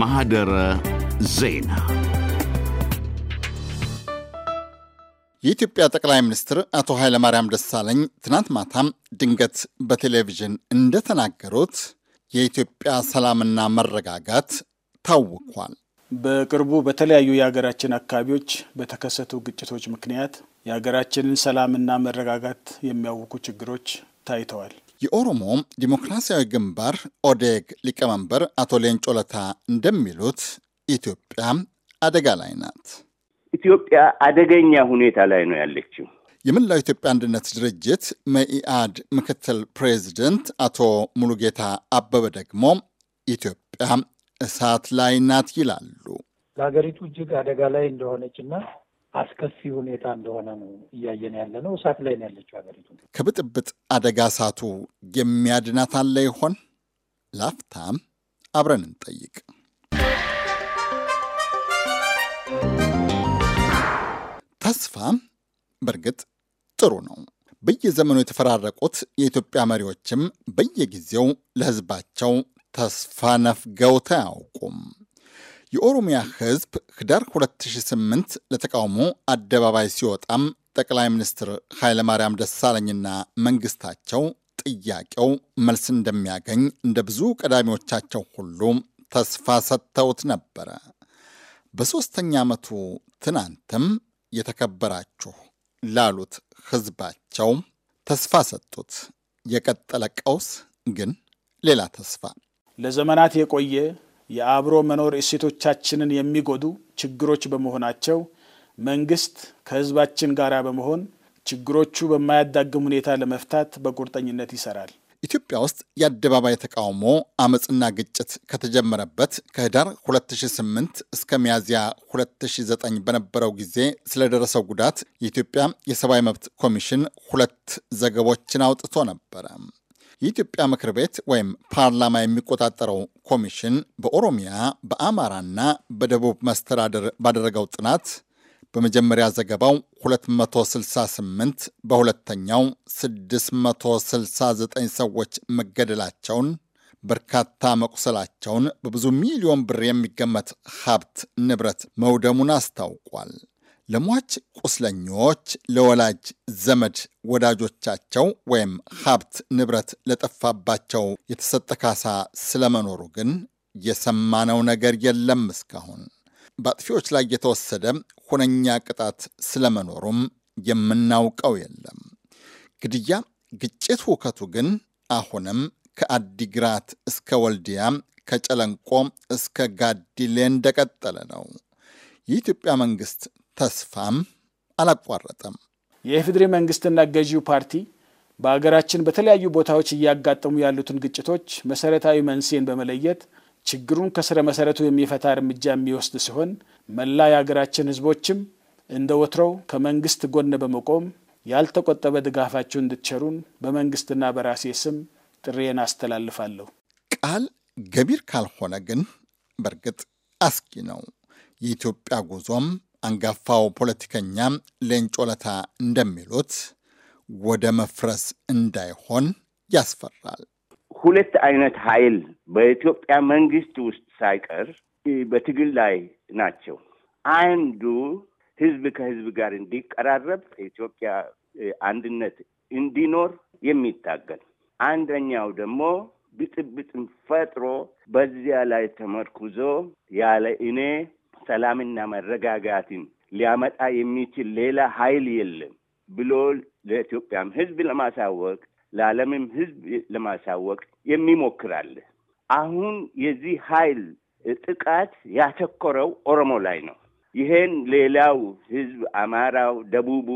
ማህደረ ዜና የኢትዮጵያ ጠቅላይ ሚኒስትር አቶ ኃይለማርያም ደሳለኝ ትናንት ማታም ድንገት በቴሌቪዥን እንደተናገሩት የኢትዮጵያ ሰላምና መረጋጋት ታውኳል። በቅርቡ በተለያዩ የሀገራችን አካባቢዎች በተከሰቱ ግጭቶች ምክንያት የሀገራችንን ሰላምና መረጋጋት የሚያውኩ ችግሮች ታይተዋል። የኦሮሞ ዲሞክራሲያዊ ግንባር ኦዴግ ሊቀመንበር አቶ ሌንጮ ለታ እንደሚሉት ኢትዮጵያ አደጋ ላይ ናት። ኢትዮጵያ አደገኛ ሁኔታ ላይ ነው ያለችው። የመላው ኢትዮጵያ አንድነት ድርጅት መኢአድ ምክትል ፕሬዚደንት አቶ ሙሉጌታ አበበ ደግሞ ኢትዮጵያ እሳት ላይ ናት ይላሉ። ለሀገሪቱ እጅግ አደጋ ላይ እንደሆነች እና አስከፊ ሁኔታ እንደሆነ ነው እያየን ያለ ነው። እሳት ላይ ነው ያለችው ሀገሪቱ። ከብጥብጥ አደጋ እሳቱ የሚያድናት አለ ይሆን? ላፍታም አብረን እንጠይቅ። ተስፋ በእርግጥ ጥሩ ነው። በየዘመኑ የተፈራረቁት የኢትዮጵያ መሪዎችም በየጊዜው ለሕዝባቸው ተስፋ ነፍገው አያውቁም። የኦሮሚያ ህዝብ ህዳር 2008 ለተቃውሞ አደባባይ ሲወጣም ጠቅላይ ሚኒስትር ኃይለማርያም ደሳለኝና መንግስታቸው ጥያቄው መልስ እንደሚያገኝ እንደ ብዙ ቀዳሚዎቻቸው ሁሉ ተስፋ ሰጥተውት ነበረ። በሦስተኛ ዓመቱ ትናንትም የተከበራችሁ ላሉት ህዝባቸው ተስፋ ሰጡት። የቀጠለ ቀውስ ግን ሌላ ተስፋ ለዘመናት የቆየ የአብሮ መኖር እሴቶቻችንን የሚጎዱ ችግሮች በመሆናቸው መንግስት ከህዝባችን ጋር በመሆን ችግሮቹ በማያዳግም ሁኔታ ለመፍታት በቁርጠኝነት ይሰራል። ኢትዮጵያ ውስጥ የአደባባይ ተቃውሞ አመፅና ግጭት ከተጀመረበት ከህዳር 2008 እስከ ሚያዝያ 2009 በነበረው ጊዜ ስለደረሰው ጉዳት የኢትዮጵያ የሰብአዊ መብት ኮሚሽን ሁለት ዘገቦችን አውጥቶ ነበረ። የኢትዮጵያ ምክር ቤት ወይም ፓርላማ የሚቆጣጠረው ኮሚሽን በኦሮሚያ በአማራና በደቡብ መስተዳድር ባደረገው ጥናት በመጀመሪያ ዘገባው 268 በሁለተኛው 669 ሰዎች መገደላቸውን በርካታ መቁሰላቸውን በብዙ ሚሊዮን ብር የሚገመት ሀብት ንብረት መውደሙን አስታውቋል። ለሟች ቁስለኞች፣ ለወላጅ ዘመድ ወዳጆቻቸው ወይም ሀብት ንብረት ለጠፋባቸው የተሰጠ ካሳ ስለመኖሩ ግን የሰማነው ነገር የለም እስካሁን። በአጥፊዎች ላይ የተወሰደ ሁነኛ ቅጣት ስለመኖሩም የምናውቀው የለም። ግድያ፣ ግጭት፣ ሁከቱ ግን አሁንም ከአዲግራት እስከ ወልዲያ ከጨለንቆ እስከ ጋዲሌ እንደቀጠለ ነው። የኢትዮጵያ መንግስት ተስፋም አላቋረጠም። የኢፌዴሪ መንግስትና ገዢው ፓርቲ በሀገራችን በተለያዩ ቦታዎች እያጋጠሙ ያሉትን ግጭቶች መሰረታዊ መንስኤን በመለየት ችግሩን ከስረ መሰረቱ የሚፈታ እርምጃ የሚወስድ ሲሆን መላ የሀገራችን ህዝቦችም እንደ ወትሮው ከመንግስት ጎን በመቆም ያልተቆጠበ ድጋፋቸው እንድትቸሩን በመንግስትና በራሴ ስም ጥሬን አስተላልፋለሁ። ቃል ገቢር ካልሆነ ግን በእርግጥ አስጊ ነው። የኢትዮጵያ ጉዞም አንጋፋው ፖለቲከኛ ሌንጮ ለታ እንደሚሉት ወደ መፍረስ እንዳይሆን ያስፈራል። ሁለት አይነት ኃይል በኢትዮጵያ መንግስት ውስጥ ሳይቀር በትግል ላይ ናቸው። አንዱ ህዝብ ከህዝብ ጋር እንዲቀራረብ የኢትዮጵያ አንድነት እንዲኖር የሚታገል አንደኛው ደግሞ ብጥብጥም ፈጥሮ በዚያ ላይ ተመርኩዞ ያለ እኔ ሰላምና መረጋጋትን ሊያመጣ የሚችል ሌላ ኃይል የለም ብሎ ለኢትዮጵያም ሕዝብ ለማሳወቅ ለዓለምም ሕዝብ ለማሳወቅ የሚሞክራል። አሁን የዚህ ኃይል ጥቃት ያተኮረው ኦሮሞ ላይ ነው። ይሄን ሌላው ሕዝብ አማራው፣ ደቡቡ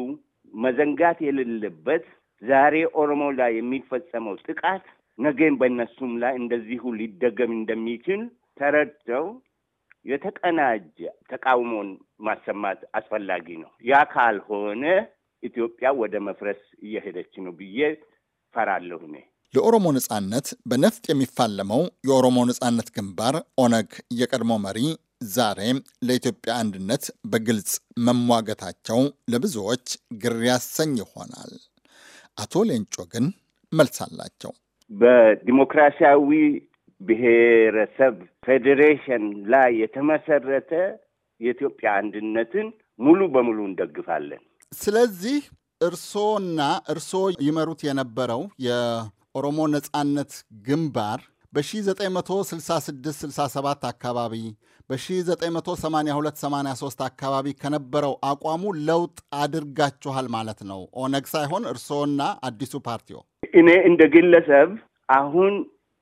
መዘንጋት የሌለበት ዛሬ ኦሮሞ ላይ የሚፈጸመው ጥቃት ነገን በእነሱም ላይ እንደዚሁ ሊደገም እንደሚችል ተረድተው የተቀናጀ ተቃውሞን ማሰማት አስፈላጊ ነው። ያ ካልሆነ ኢትዮጵያ ወደ መፍረስ እየሄደች ነው ብዬ ፈራለሁ እኔ። ለኦሮሞ ነጻነት በነፍጥ የሚፋለመው የኦሮሞ ነጻነት ግንባር ኦነግ የቀድሞ መሪ ዛሬም ለኢትዮጵያ አንድነት በግልጽ መሟገታቸው ለብዙዎች ግር ያሰኝ ይሆናል። አቶ ሌንጮ ግን መልስ አላቸው። በዲሞክራሲያዊ ብሔረሰብ ፌዴሬሽን ላይ የተመሰረተ የኢትዮጵያ አንድነትን ሙሉ በሙሉ እንደግፋለን። ስለዚህ እርሶና እርሶ ይመሩት የነበረው የኦሮሞ ነጻነት ግንባር በ1966-67 አካባቢ በ1982-83 አካባቢ ከነበረው አቋሙ ለውጥ አድርጋችኋል ማለት ነው። ኦነግ ሳይሆን እርስዎና አዲሱ ፓርቲዎ። እኔ እንደ ግለሰብ አሁን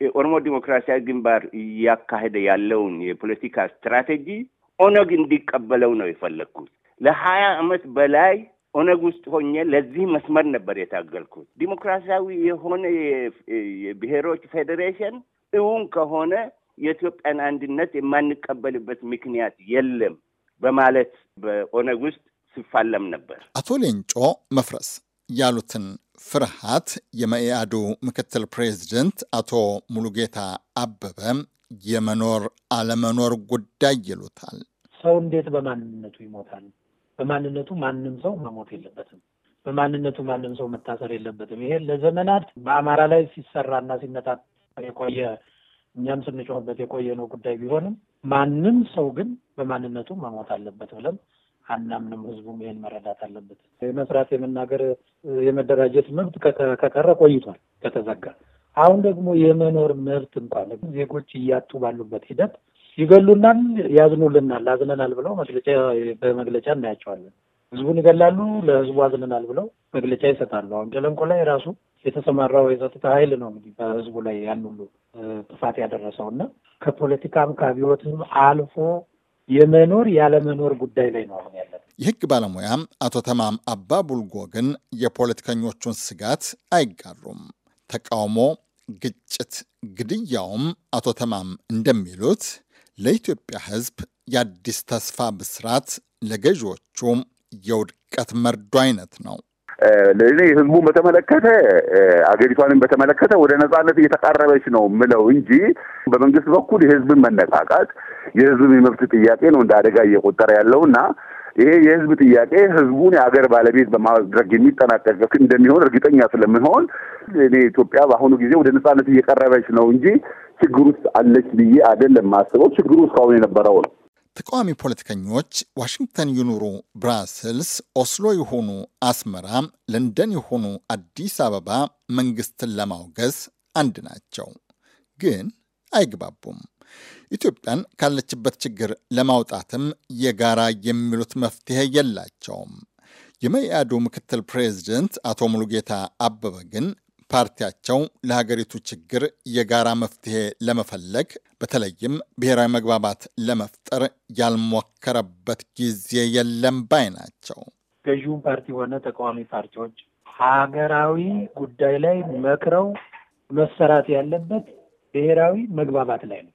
የኦሮሞ ዲሞክራሲያዊ ግንባር እያካሄደ ያለውን የፖለቲካ ስትራቴጂ ኦነግ እንዲቀበለው ነው የፈለግኩት። ለሀያ አመት በላይ ኦነግ ውስጥ ሆኜ ለዚህ መስመር ነበር የታገልኩት። ዲሞክራሲያዊ የሆነ የብሔሮች ፌዴሬሽን እውን ከሆነ የኢትዮጵያን አንድነት የማንቀበልበት ምክንያት የለም በማለት በኦነግ ውስጥ ሲፋለም ነበር። አቶ ሌንጮ መፍረስ ያሉትን ፍርሃት የመኢአዱ ምክትል ፕሬዚደንት አቶ ሙሉጌታ አበበ የመኖር አለመኖር ጉዳይ ይሉታል። ሰው እንዴት በማንነቱ ይሞታል? በማንነቱ ማንም ሰው መሞት የለበትም። በማንነቱ ማንም ሰው መታሰር የለበትም። ይሄ ለዘመናት በአማራ ላይ ሲሰራና ሲነታ የቆየ እኛም ስንጮህበት የቆየ ነው ጉዳይ ቢሆንም ማንም ሰው ግን በማንነቱ መሞት አለበት ብለን አናምንም። ህዝቡም ይህን መረዳት አለበት። የመስራት የመናገር፣ የመደራጀት መብት ከቀረ ቆይቷል፣ ከተዘጋ። አሁን ደግሞ የመኖር መብት እንኳን ዜጎች እያጡ ባሉበት ሂደት ይገሉናል፣ ያዝኑልናል፣ አዝነናል ብለው መግለጫ በመግለጫ እናያቸዋለን። ህዝቡን ይገላሉ፣ ለህዝቡ አዝነናል ብለው መግለጫ ይሰጣሉ። አሁን ጨለንቆ ላይ ራሱ የተሰማራው የጸጥታ ኃይል ነው እንግዲህ በህዝቡ ላይ ያን ሁሉ ጥፋት ያደረሰው እና ከፖለቲካም ከአብዮትም አልፎ የመኖር ያለመኖር ጉዳይ ላይ ነው አሁን ያለ። የህግ ባለሙያ አቶ ተማም አባ ቡልጎ ግን የፖለቲከኞቹን ስጋት አይጋሩም። ተቃውሞ፣ ግጭት፣ ግድያውም አቶ ተማም እንደሚሉት ለኢትዮጵያ ህዝብ የአዲስ ተስፋ ብስራት፣ ለገዢዎቹ የውድቀት መርዶ አይነት ነው። ለእኔ ህዝቡን በተመለከተ አገሪቷንም በተመለከተ ወደ ነጻነት እየተቃረበች ነው ምለው እንጂ በመንግስት በኩል የህዝብን መነቃቃት የህዝብን የመብት ጥያቄ ነው እንደ አደጋ እየቆጠረ እና ይሄ የህዝብ ጥያቄ ህዝቡን የአገር ባለቤት በማድረግ የሚጠናቀቅ እንደሚሆን እርግጠኛ ስለምንሆን እኔ ኢትዮጵያ በአሁኑ ጊዜ ወደ ነጻነት እየቀረበች ነው እንጂ ችግር ውስጥ አለች ብዬ አይደለም የማስበው። ችግሩ እስካሁን የነበረው ነው። ተቃዋሚ ፖለቲከኞች ዋሽንግተን ይኑሩ ብራስልስ፣ ኦስሎ የሆኑ አስመራ፣ ለንደን የሆኑ አዲስ አበባ መንግስትን ለማውገዝ አንድ ናቸው፣ ግን አይግባቡም። ኢትዮጵያን ካለችበት ችግር ለማውጣትም የጋራ የሚሉት መፍትሄ የላቸውም። የመኢአዱ ምክትል ፕሬዚደንት አቶ ሙሉጌታ አበበ ግን ፓርቲያቸው ለሀገሪቱ ችግር የጋራ መፍትሄ ለመፈለግ በተለይም ብሔራዊ መግባባት ለመፍጠር ያልሞከረበት ጊዜ የለም ባይ ናቸው። ገዢውን ፓርቲ ሆነ ተቃዋሚ ፓርቲዎች ሀገራዊ ጉዳይ ላይ መክረው መሰራት ያለበት ብሔራዊ መግባባት ላይ ነው።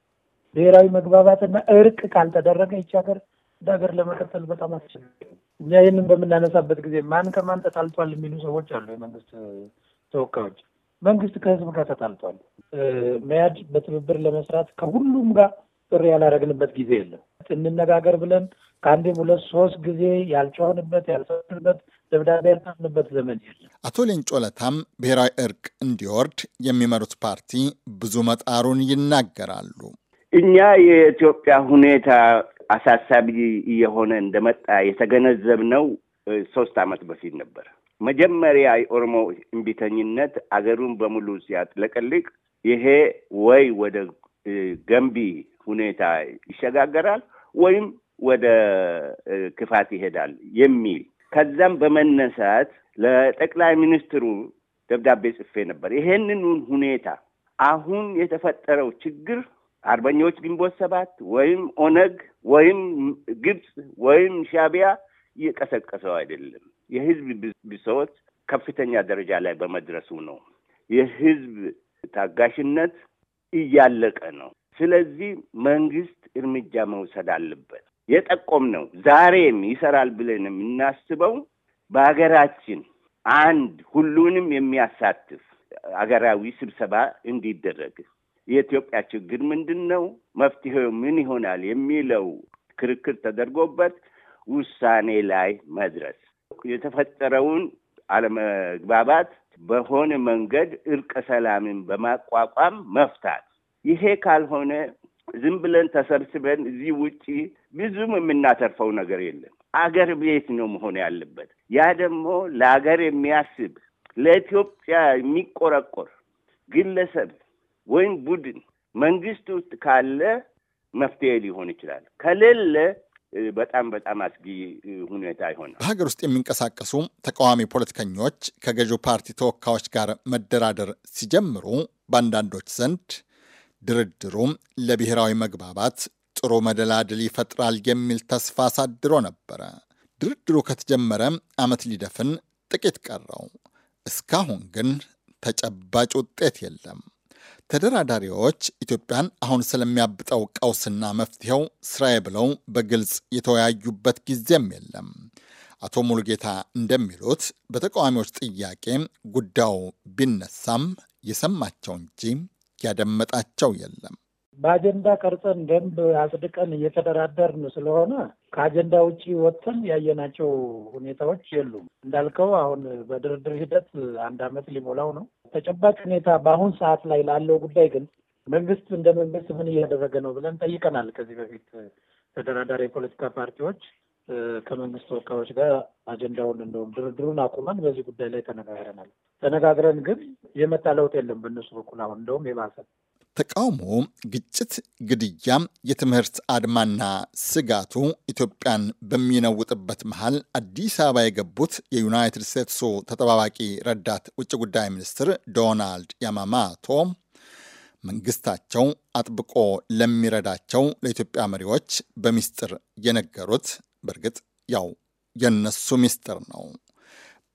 ብሔራዊ መግባባትና እርቅ ካልተደረገ ይቺ ሀገር እንደ ሀገር ለመቀጠል በጣም አስቸጋሪ እኛ ይህንን በምናነሳበት ጊዜ ማን ከማን ተጣልቷል የሚሉ ሰዎች አሉ፣ የመንግስት ተወካዮች። መንግስት ከህዝብ ጋር ተጣልቷል። መያድ በትብብር ለመስራት ከሁሉም ጋር ጥሪ ያላደረግንበት ጊዜ የለም። እንነጋገር ብለን ከአንዴም ሁለት ሶስት ጊዜ ያልጮህንበት ያልሰንበት ደብዳቤ ያልጻፍንበት ዘመን የለም። አቶ ሌንጮ ለታም ብሔራዊ እርቅ እንዲወርድ የሚመሩት ፓርቲ ብዙ መጣሩን ይናገራሉ። እኛ የኢትዮጵያ ሁኔታ አሳሳቢ እየሆነ እንደመጣ የተገነዘብነው ሶስት ዓመት በፊት ነበር። መጀመሪያ የኦሮሞ እምቢተኝነት አገሩን በሙሉ ሲያጥለቀልቅ ይሄ ወይ ወደ ገንቢ ሁኔታ ይሸጋገራል ወይም ወደ ክፋት ይሄዳል የሚል ከዛም በመነሳት ለጠቅላይ ሚኒስትሩ ደብዳቤ ጽፌ ነበር። ይሄንን ሁኔታ አሁን የተፈጠረው ችግር አርበኞች ግንቦት ሰባት ወይም ኦነግ ወይም ግብፅ ወይም ሻቢያ እየቀሰቀሰው አይደለም። የህዝብ ብሶት ከፍተኛ ደረጃ ላይ በመድረሱ ነው። የህዝብ ታጋሽነት እያለቀ ነው። ስለዚህ መንግስት እርምጃ መውሰድ አለበት። የጠቆም ነው ዛሬም ይሰራል ብለን የምናስበው በሀገራችን አንድ ሁሉንም የሚያሳትፍ አገራዊ ስብሰባ እንዲደረግ የኢትዮጵያ ችግር ምንድን ነው፣ መፍትሄው ምን ይሆናል የሚለው ክርክር ተደርጎበት ውሳኔ ላይ መድረስ የተፈጠረውን አለመግባባት በሆነ መንገድ እርቀ ሰላምን በማቋቋም መፍታት። ይሄ ካልሆነ ዝም ብለን ተሰብስበን እዚህ ውጪ ብዙም የምናተርፈው ነገር የለም። አገር ቤት ነው መሆን ያለበት። ያ ደግሞ ለአገር የሚያስብ ለኢትዮጵያ የሚቆረቆር ግለሰብ ወይም ቡድን መንግስት ውስጥ ካለ መፍትሄ ሊሆን ይችላል። ከሌለ በጣም በጣም አስጊ ሁኔታ ይሆናል። በሀገር ውስጥ የሚንቀሳቀሱ ተቃዋሚ ፖለቲከኞች ከገዢው ፓርቲ ተወካዮች ጋር መደራደር ሲጀምሩ በአንዳንዶች ዘንድ ድርድሩ ለብሔራዊ መግባባት ጥሩ መደላድል ይፈጥራል የሚል ተስፋ አሳድሮ ነበረ። ድርድሩ ከተጀመረ ዓመት ሊደፍን ጥቂት ቀረው። እስካሁን ግን ተጨባጭ ውጤት የለም። ተደራዳሪዎች ኢትዮጵያን አሁን ስለሚያብጠው ቀውስና መፍትሄው ስራዬ ብለው በግልጽ የተወያዩበት ጊዜም የለም። አቶ ሙሉጌታ እንደሚሉት በተቃዋሚዎች ጥያቄ ጉዳዩ ቢነሳም የሰማቸው እንጂ ያደመጣቸው የለም። በአጀንዳ ቀርጸን ደንብ አጽድቀን እየተደራደርን ስለሆነ ከአጀንዳ ውጭ ወጥተን ያየናቸው ሁኔታዎች የሉም። እንዳልከው አሁን በድርድር ሂደት አንድ ዓመት ሊሞላው ነው። ተጨባጭ ሁኔታ በአሁን ሰዓት ላይ ላለው ጉዳይ ግን መንግስት እንደ መንግስት ምን እያደረገ ነው ብለን ጠይቀናል። ከዚህ በፊት ተደራዳሪ የፖለቲካ ፓርቲዎች ከመንግስት ተወካዮች ጋር አጀንዳውን እንደውም ድርድሩን አቁመን በዚህ ጉዳይ ላይ ተነጋግረናል። ተነጋግረን ግን የመጣ ለውጥ የለም በእነሱ በኩል አሁን እንደውም የባሰ ተቃውሞ፣ ግጭት፣ ግድያ፣ የትምህርት አድማና ስጋቱ ኢትዮጵያን በሚነውጥበት መሃል አዲስ አበባ የገቡት የዩናይትድ ስቴትሱ ተጠባባቂ ረዳት ውጭ ጉዳይ ሚኒስትር ዶናልድ ያማማቶ መንግስታቸው አጥብቆ ለሚረዳቸው ለኢትዮጵያ መሪዎች በሚስጥር የነገሩት በእርግጥ ያው የነሱ ሚስጥር ነው።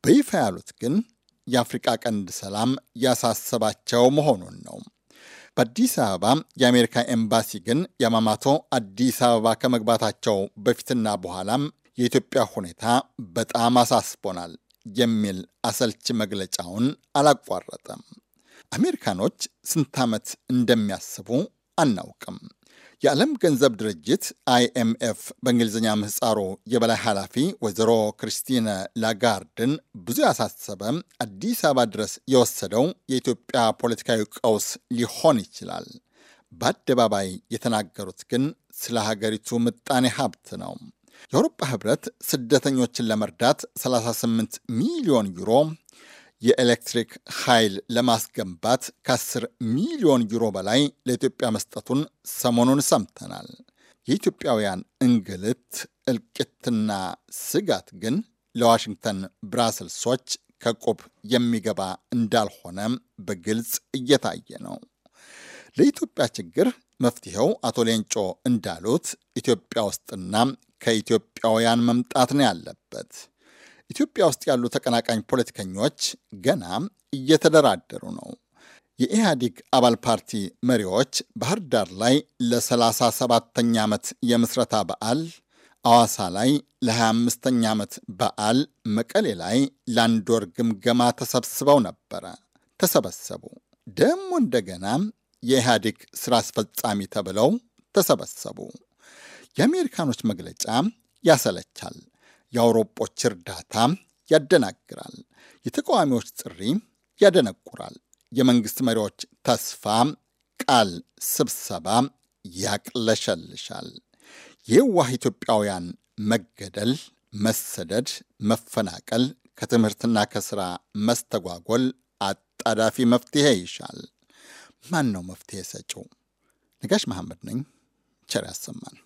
በይፋ ያሉት ግን የአፍሪቃ ቀንድ ሰላም ያሳሰባቸው መሆኑን ነው። በአዲስ አበባ የአሜሪካ ኤምባሲ ግን ያማማቶ አዲስ አበባ ከመግባታቸው በፊትና በኋላም የኢትዮጵያ ሁኔታ በጣም አሳስቦናል የሚል አሰልቺ መግለጫውን አላቋረጠም። አሜሪካኖች ስንት ዓመት እንደሚያስቡ አናውቅም። የዓለም ገንዘብ ድርጅት አይኤምኤፍ በእንግሊዝኛ ምህፃሩ የበላይ ኃላፊ ወይዘሮ ክሪስቲን ላጋርድን ብዙ ያሳሰበ አዲስ አበባ ድረስ የወሰደው የኢትዮጵያ ፖለቲካዊ ቀውስ ሊሆን ይችላል። በአደባባይ የተናገሩት ግን ስለ ሀገሪቱ ምጣኔ ሀብት ነው። የአውሮፓ ህብረት ስደተኞችን ለመርዳት 38 ሚሊዮን ዩሮ የኤሌክትሪክ ኃይል ለማስገንባት ከ10 ሚሊዮን ዩሮ በላይ ለኢትዮጵያ መስጠቱን ሰሞኑን ሰምተናል። የኢትዮጵያውያን እንግልት፣ እልቂትና ስጋት ግን ለዋሽንግተን ብራስልሶች ከቁብ የሚገባ እንዳልሆነ በግልጽ እየታየ ነው። ለኢትዮጵያ ችግር መፍትሄው አቶ ሌንጮ እንዳሉት ኢትዮጵያ ውስጥና ከኢትዮጵያውያን መምጣት ነው ያለበት። ኢትዮጵያ ውስጥ ያሉ ተቀናቃኝ ፖለቲከኞች ገና እየተደራደሩ ነው። የኢህአዴግ አባል ፓርቲ መሪዎች ባህር ዳር ላይ ለ37ኛ ዓመት የምስረታ በዓል፣ አዋሳ ላይ ለ 25 ተኛ ዓመት በዓል፣ መቀሌ ላይ ለአንድ ወር ግምገማ ተሰብስበው ነበረ። ተሰበሰቡ። ደግሞ እንደገና የኢህአዴግ ስራ አስፈጻሚ ተብለው ተሰበሰቡ። የአሜሪካኖች መግለጫ ያሰለቻል። የአውሮጶች እርዳታ ያደናግራል። የተቃዋሚዎች ጥሪ ያደነቁራል። የመንግስት መሪዎች ተስፋ ቃል ስብሰባ ያቅለሸልሻል። የዋህ ኢትዮጵያውያን መገደል፣ መሰደድ፣ መፈናቀል፣ ከትምህርትና ከስራ መስተጓጎል አጣዳፊ መፍትሄ ይሻል። ማን ነው መፍትሄ ሰጪው? ነጋሽ መሐመድ ነኝ። ቸር ያሰማን።